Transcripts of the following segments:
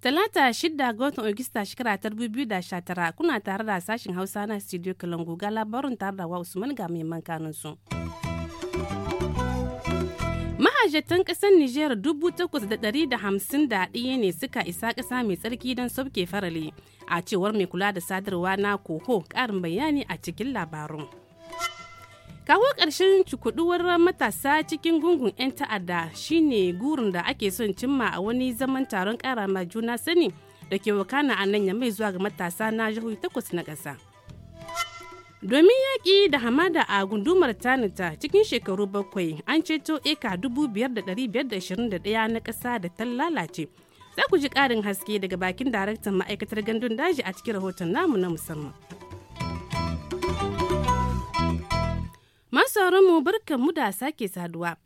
Talata shidda ga watan Ogista shekara ta 2019 kuna tare da sashen Hausa na studio Kalangu ga labarin tare da wa Usman ga mai mankanin su. mahajjatan ƙasar Nijar dubu takwas da ɗari da hamsin da ɗaya ne suka isa ƙasa mai tsarki don sauke farale a cewar mai kula da sadarwa na koho ƙarin bayani a cikin labarun. kawo ƙarshen cikuduwar matasa cikin gungun 'yan ta'adda shine gurin da ake son cimma a wani zaman taron ƙara ma juna sani da ke wakana a nan ya mai zuwa ga matasa na jihohi takwas na ƙasa. domin yaƙi da hamada a gundumar tanita cikin shekaru bakwai an ceto eka 5,521 na ƙasa da ta lalace za ku ji ƙarin haske daga bakin daraktan ma'aikatar gandun daji a cikin rahoton namu na musamman masu mu barkan mu da sake saduwa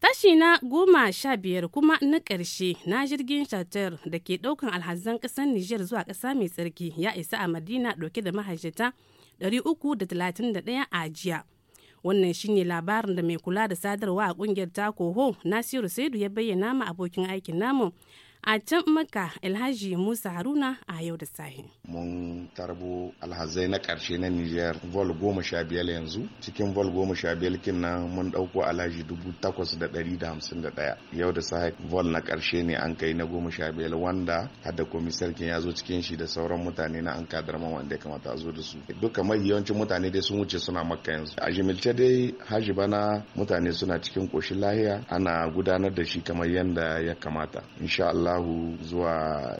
tashi na goma sha biyar kuma na ƙarshe na jirgin shatar da ke ɗaukan alhazan ƙasar niger zuwa ƙasa mai tsarki ya isa a madina ɗauke da mahajjata 331 a jiya wannan shine labarin da mai kula da sadarwa a kungiyar takoho nasiru saidu ya bayyana ma abokin aikin namu a can maka alhaji musa haruna a yau da sahi mun tarbo alhazai na karshe na niger vol goma sha biyar yanzu cikin vol goma sha biyar kin mun dauko alhaji dubu takwas da dari da hamsin da daya yau da sahi vol na karshe ne an kai na goma sha biyar wanda hada komisar kin ya zo cikin shi da sauran mutane na an kadar man wanda ya kamata a zo da su duka mai yawancin mutane dai sun wuce suna maka yanzu a jimilce dai haji bana mutane suna cikin koshin lahiya ana gudanar da shi kamar yadda ya kamata insha Allah Allahu zuwa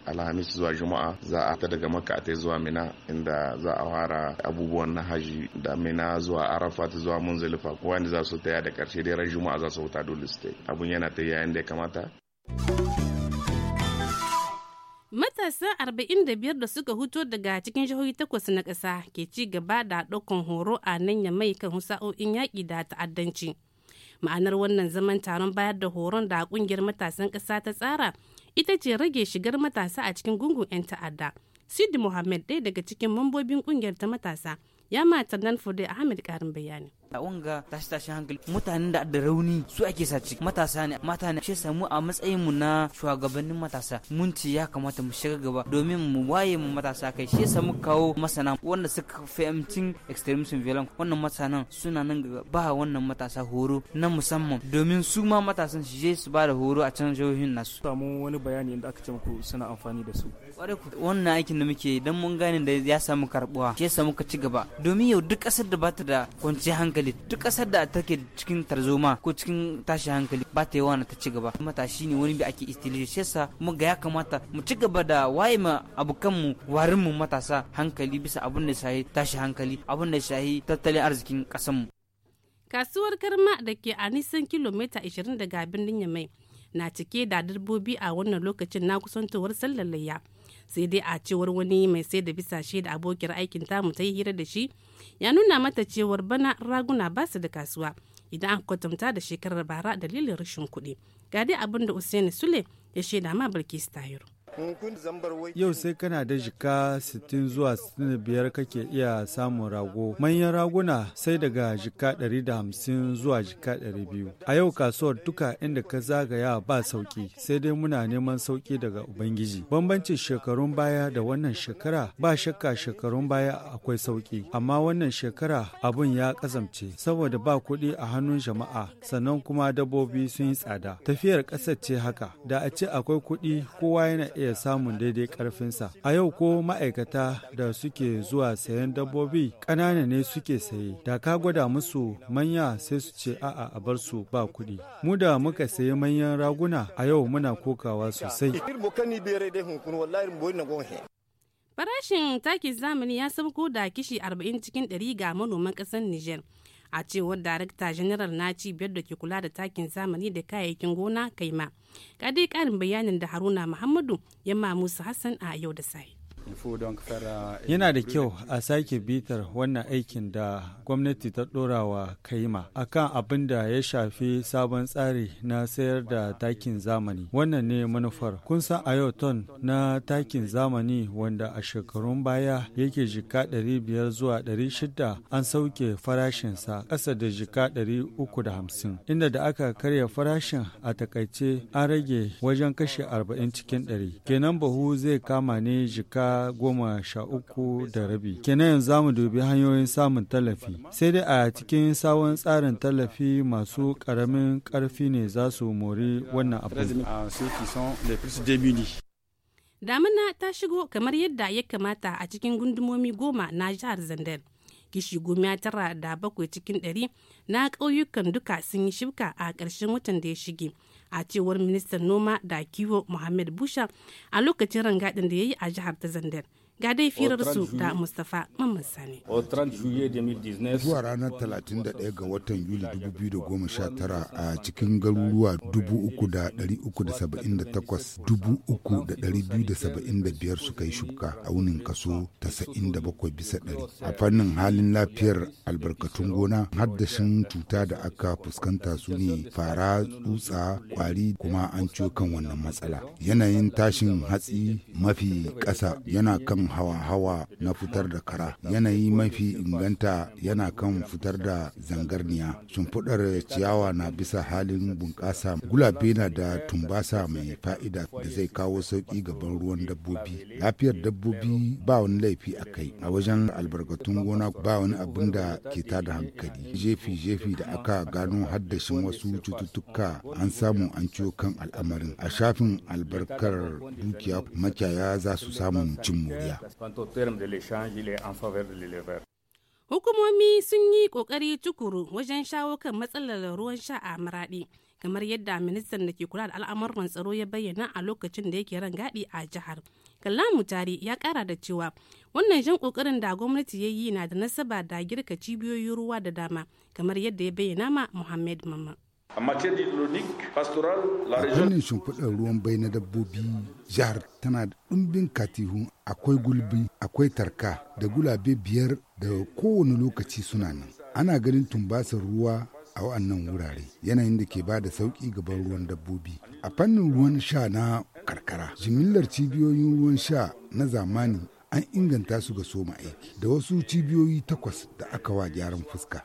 Alhamis zuwa Juma'a za a ta daga Makka a ta zuwa Mina inda za a fara abubuwan na haji da Mina zuwa Arafat zuwa Munzalifa kowa ne za su taya da karshe da Juma'a za su huta dole su abun yana ta yayin da ya kamata. Matasa 45 da suka huto daga cikin jihohi takwas na ƙasa ke ci gaba da ɗaukan horo a nan ya mai kan sa'o'in yaƙi da ta'addanci. Ma'anar wannan zaman taron bayar da horon da ƙungiyar matasan ƙasa ta tsara ita ce rage shigar matasa a cikin gungun 'yan ta'adda sidi muhammad ɗaya daga cikin mambobin ƙungiyar ta matasa ya matar nan fude ahmed karin bayani a unga tashi tashi hankali mutanen da da rauni su ake sace matasa ne mata ne shi samu a matsayin mu na shugabannin matasa mun ci ya kamata mu shiga gaba domin mu waye mu matasa kai shi samu kawo masana wanda suka fahimcin extremism violent wannan masanan suna nan ba wannan matasa horo na musamman domin su ma matasan su je su ba da horo a can jihohin nasu samu wani bayani da aka ce muku suna amfani da su ku wannan aikin da muke dan mun gane da ya samu karbuwa shi samu ka ci gaba domin yau duk kasar da ba ta da kwanciyar hankali hankali duk ƙasar da take cikin tarzoma ko cikin tashi hankali ba ta yawa ta ci gaba shi ne wani bi ake istilishe shi yasa mu ga ya kamata mu ci gaba da waye ma abokanmu warin mu matasa hankali bisa abin da shahi tashi hankali abin da shahi tattalin arzikin ƙasarmu. kasuwar karma da ke a nisan kilomita 20 daga birnin yamai na cike da dabbobi a wannan lokacin na kusantowar sallar layya sai dai a cewar wani mai sai da bisa da abokiyar aikin ta mu ta yi hira da shi ya nuna mata cewar bana raguna ba su da kasuwa idan aka kwatanta da shekarar bara dalilin rashin kuɗi ga dai abin da usaini sule ya shaida ma bilkis tahiru Yau sai kana da jika 60 zuwa 65 kake iya samun rago. Manyan raguna sai daga jika 150 zuwa jika 200. A yau kasuwar duka inda ka zagaya ba sauki, sai dai muna neman sauki daga Ubangiji. Bambancin shekarun baya da wannan shekara ba shakka shekarun baya akwai sauki, amma wannan shekara abun ya kazamce saboda ba kuɗi a hannun jama'a sannan kuma dabbobi sun yi tsada. Tafiyar ƙasar ce haka, da a ce akwai kuɗi kowa yana iya samun daidai karfinsa a yau ko ma'aikata da suke zuwa sayan dabbobi ƙanana ne suke saye da ka gwada musu manya sai su ce a'a a bar su ba kuɗi mu da muka sayi manyan raguna a yau muna kokawa sosai farashin takin zamani ya sauko da kishi 40 cikin 100 ga manoman ƙasar niger a cewar darakta janaral na cibiyar da ke kula da takin zamani da kayayyakin gona kaima ga dai karin bayanin da haruna muhammadu yamma musa hassan a yau da sahi Yana da kyau a sake bitar wannan aikin da gwamnati ta ɗorawa kaima. kaima akan abin da ya shafi sabon tsari na sayar da takin zamani. Wannan ne manufar. Kun san Ayoton na takin zamani wanda a shekarun baya yake jika 500 zuwa 600 an sauke farashinsa ƙasa da jika 350. Inda da aka karya farashin a takaice an rage wajen kashe 40 cikin 100. Kenan bahu zai kama ne jika goma sha uku da rabi kenan yanzu za mu dubi hanyoyin samun tallafi sai dai a cikin sabon tsarin tallafi masu karamin karfi ne za su mori wannan abu damina ta shigo kamar yadda ya kamata a cikin gundumomi goma na jihar zandar kishi goma tara da bakwai cikin ɗari na ƙauyukan duka sun yi shibka a ƙarshen watan da ya shige a cewar ministan noma da kiwo muhammad busha a lokacin rangadin da ya yi a jihar ta zandar ga dai firar su da mustafa Mamman Sani. Zuwa ranar 31 ga watan Yuli 2019 a cikin garuruwa 3,378,375 suka yi shuka a wunin kaso 97 bisa 100. A fannin halin lafiyar albarkatun gona haddashin cuta da aka fuskanta su ne fara tsutsa kwari kuma an ciyo kan wannan matsala. Yanayin tashin hatsi mafi ƙasa yana kan hawa-hawa na fitar da kara yanayi mafi inganta yana kan fitar da zangarniya shimfiɗar ciyawa na bisa halin bunƙasa gulabe na da tumbasa mai fa'ida da zai kawo sauƙi gaban ruwan dabbobi lafiyar dabbobi ba wani laifi a kai a wajen albarkatun gona ba wani abin da ke tada hankali jefi-jefi da aka gano haddashin wasu cututtuka an samu an ciwo kan al'amarin a shafin albarkar dukiya makiyaya za su samu cin moriya Hukumomi sun yi kokari tukuru wajen shawo kan matsalar ruwan sha a maraɗi kamar yadda ministan da ke kula da al'amuran tsaro ya bayyana a lokacin da yake ran rangadi a jihar. Kallamu Tari ya kara da cewa wannan jan kokarin da gwamnati ya yi na da nasaba da girka cibiyoyin ruwa da dama, kamar yadda ya bayyana ma Muhammad Mamman. En Wannan shimfiɗar ruwan bai na dabbobi jihar tana da ɗumbin katihu akwai gulbi akwai tarka da gulabe biyar da kowane lokaci suna nan. Ana ganin tumbasar ruwa a wa'annan wurare yanayin da ke ba da sauƙi gaban ruwan dabbobi. A fannin ruwan sha na karkara, jimillar cibiyoyin ruwan sha na zamani an inganta su ga soma aiki da wasu cibiyoyi takwas da aka wa gyaran fuska.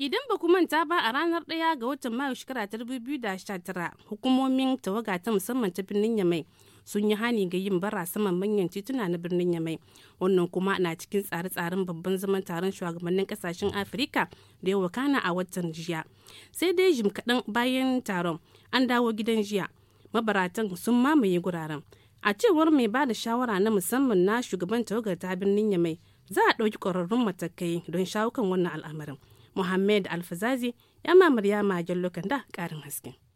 Idan ba manta ba a ranar ɗaya ga watan Mayu shekara ta 2019 hukumomin tawaga ta musamman ta birnin Yamai sun yi hani ga yin bara saman manyan tituna na birnin Yamai. Wannan kuma na cikin tsare-tsaren babban zaman taron shugabannin kasashen Afirka da ya wakana a watan jiya. Sai dai jim kaɗan bayan taron an dawo gidan jiya. Mabaratan sun mamaye guraren. A cewar mai ba da shawara na musamman na shugaban tawagar ta birnin Yamai za a ɗauki ƙwararrun matakai don shawo kan wannan al'amarin. Muhammad Alfazazi ya mamarya ma magen da ƙarin hasken.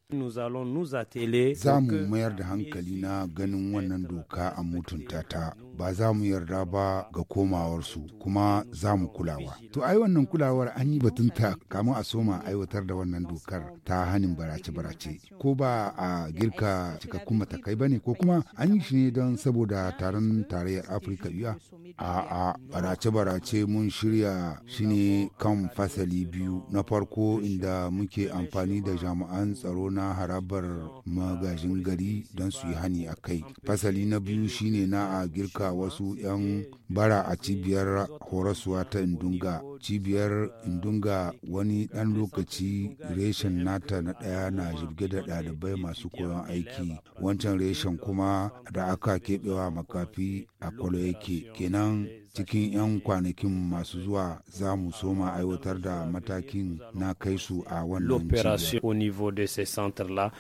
Za mu mayar da hankali na ganin wannan doka a mutunta ta ba za mu yarda ba ga komawar su kuma za mu kulawa. To ai wannan kulawar an yi batunta kamun a soma aiwatar da wannan dokar ta hanin barace-barace ko ba a girka cikakkun matakai ba ne ko kuma an yi shi ne don saboda taron tarayyar Afirka biya. A'a barace-barace mun shirya shi ne kan fasali biyu na farko inda muke amfani da jami'an tsaro na na harabar magajin gari don su yi hani a kai fasali na biyu shine na a girka wasu 'yan bara a cibiyar horaswa ta indunga cibiyar indunga wani dan lokaci reshen nata na daya na jirge da ɗalibai masu koyon aiki wancan reshen kuma da aka keɓewa makafi a kwalo yake kenan cikin 'yan kwanakin masu zuwa za mu soma aiwatar da matakin na kai su a wannan cibiyar.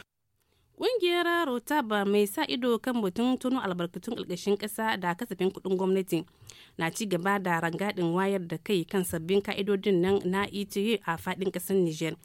Ƙungiyar Rotaba mai sa ido kan batun tunu albarkatun ƙarƙashin ƙasa da kasafin kuɗin gwamnati na ci gaba da rangadin wayar da kai kan sabbin ka'idodin nan na ETA a faɗin ƙasar Nijar.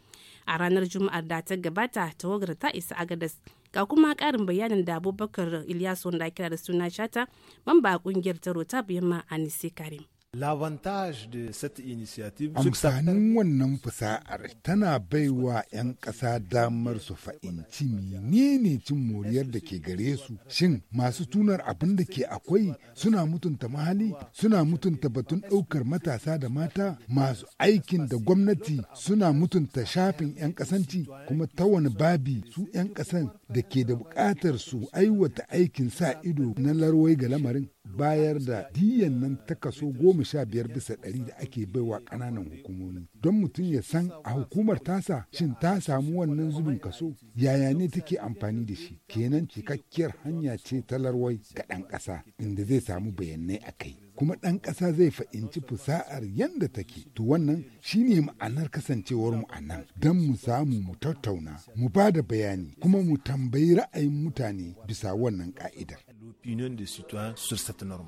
A ranar Juma'ar da ta gabata tawagar ta isa Agadas ga kuma karin bayanin da abubakar ilyasu wanda kira da suna shata mamba a kungiyar ta rota ma anise karim de Amfanin wannan fasa'ar tana baiwa 'yan ƙasa damar su fahimci menene cin moriyar da ke gare su. Shin masu tunar abin da ke akwai suna mutunta mahali, suna mutunta batun ɗaukar matasa da mata, masu aikin da gwamnati suna mutunta shafin 'yan ƙasanci kuma ta wani babi su 'yan ƙasan da ke da buƙatar su aiwata aikin sa ido na larwai ga lamarin. bayar da diyan nan ta kaso goma sha biyar bisa ɗari da ake baiwa ƙananan hukumomi don mutum ya san a hukumar tasa shin ta samu wannan zubin kaso yaya ne take amfani da shi kenan cikakkiyar hanya ce ta larwai ga ɗan ƙasa inda zai samu bayanai a kai kuma ɗan ƙasa zai fahimci fusa'ar yadda take to wannan shine ma'anar kasancewar mu a nan don mu samu mu tattauna mu ba da bayani kuma mu tambayi ra'ayin mutane bisa wannan ka'idar union des citoyens sur cette norme.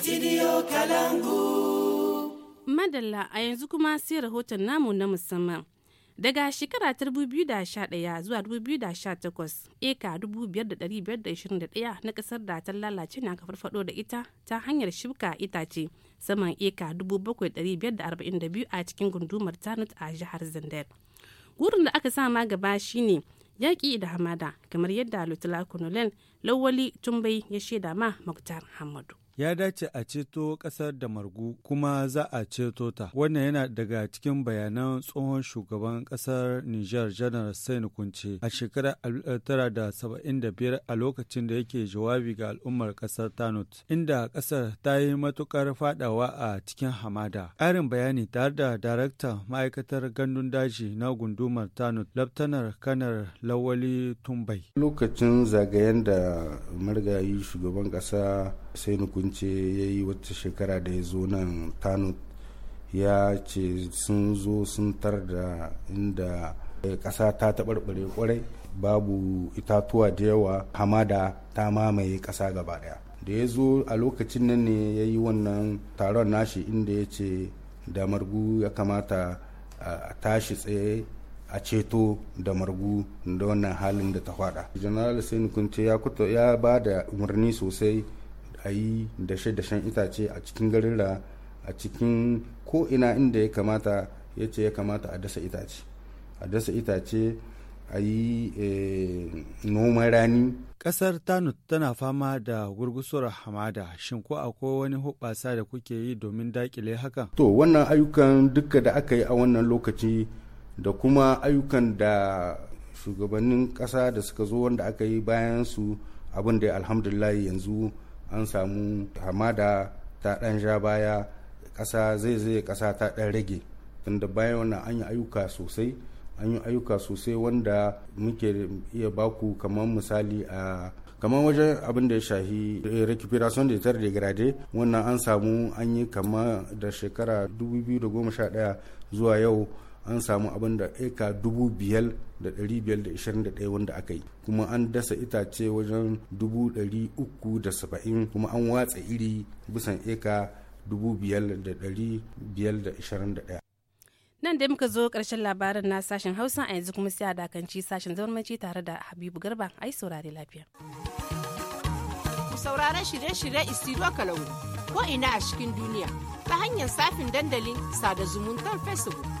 Studio Kalangu. Madalla a yanzu kuma sai rahoton namu na musamman. Daga shekara ta 2011 zuwa 2018 eka 5,521 na kasar da ta lalace na kafar fado da ita ta hanyar shibka itace saman eka 7,542 a cikin gundumar tanut a jihar Zandar. Gurin da aka sama gaba shine yaƙi da hamada kamar yadda Lutula Kunulen Lawali Tumbai ya shaida ma Muktar Hamadu. ya dace a ceto ƙasar da margu kuma za a ceto ta wannan yana daga cikin bayanan tsohon shugaban ƙasar niger janar sain kunce a shekarar 1975 a lokacin da yake jawabi ga al'ummar ƙasar tanut inda ƙasar ta yi matuƙar fadawa a cikin hamada ƙarin bayani tare da darakta ma'aikatar gandun daji na gundumar tanut laftanar kanar lawali tumbai lokacin zagayen da marigayi shugaban ƙasa sai kunce ya yi wata shekara da ya zo nan tanut ya ce sun zo sun tar da inda eh, ƙasa ta taɓarɓare kwarai babu itatuwa da yawa hamada ta mamaye ƙasa gaba ɗaya da ya zo a lokacin nan ne ya yi wannan taron nashi inda ya ce da margu ya kamata a tashi tsaye a ceto da margu da wannan halin da ta faɗa general sai kunce ya ba da umarni sosai a yi dashe-dashen itace a cikin garin da a cikin ko'ina inda ya kamata ya ce ya kamata a dasa itace a dasa itace a yi eh, noman rani ƙasar tanut tana fama da gurgusuwar hamada shin ko akwai wani hubasa da kuke yi domin dakile hakan to wannan ayyukan duka da aka yi a wannan lokaci da kuma ayyukan da shugabannin ƙasa da suka zo wanda aka yi bayan su abin da alhamdulillah yanzu an samu hamada ta dan ja baya kasa zai zai kasa ta ɗan rage tunda bayan wannan an yi ayyuka sosai an yi ayyuka sosai wanda muke iya baku kamar misali a kamar wajen abin da ya shahi eh, recuperation de terre grade wannan an samu an yi kama da shekara 2011 zuwa yau an samu abin da eka dubu biyar da ɗari biyar da ishirin da ɗaya wanda aka yi kuma an dasa itace wajen dubu ɗari uku da saba'in kuma an watsa iri bisan eka dubu biyar da ɗari biyar da ishirin da ɗaya. nan da muka zo karshen labarin na sashen hausa a yanzu kuma sai a dakanci sashen zamanci tare da habibu garba a yi saurare lafiya. ku sauraron shirye-shirye istiro ko ina a cikin duniya ta hanyar safin dandalin sada zumuntar facebook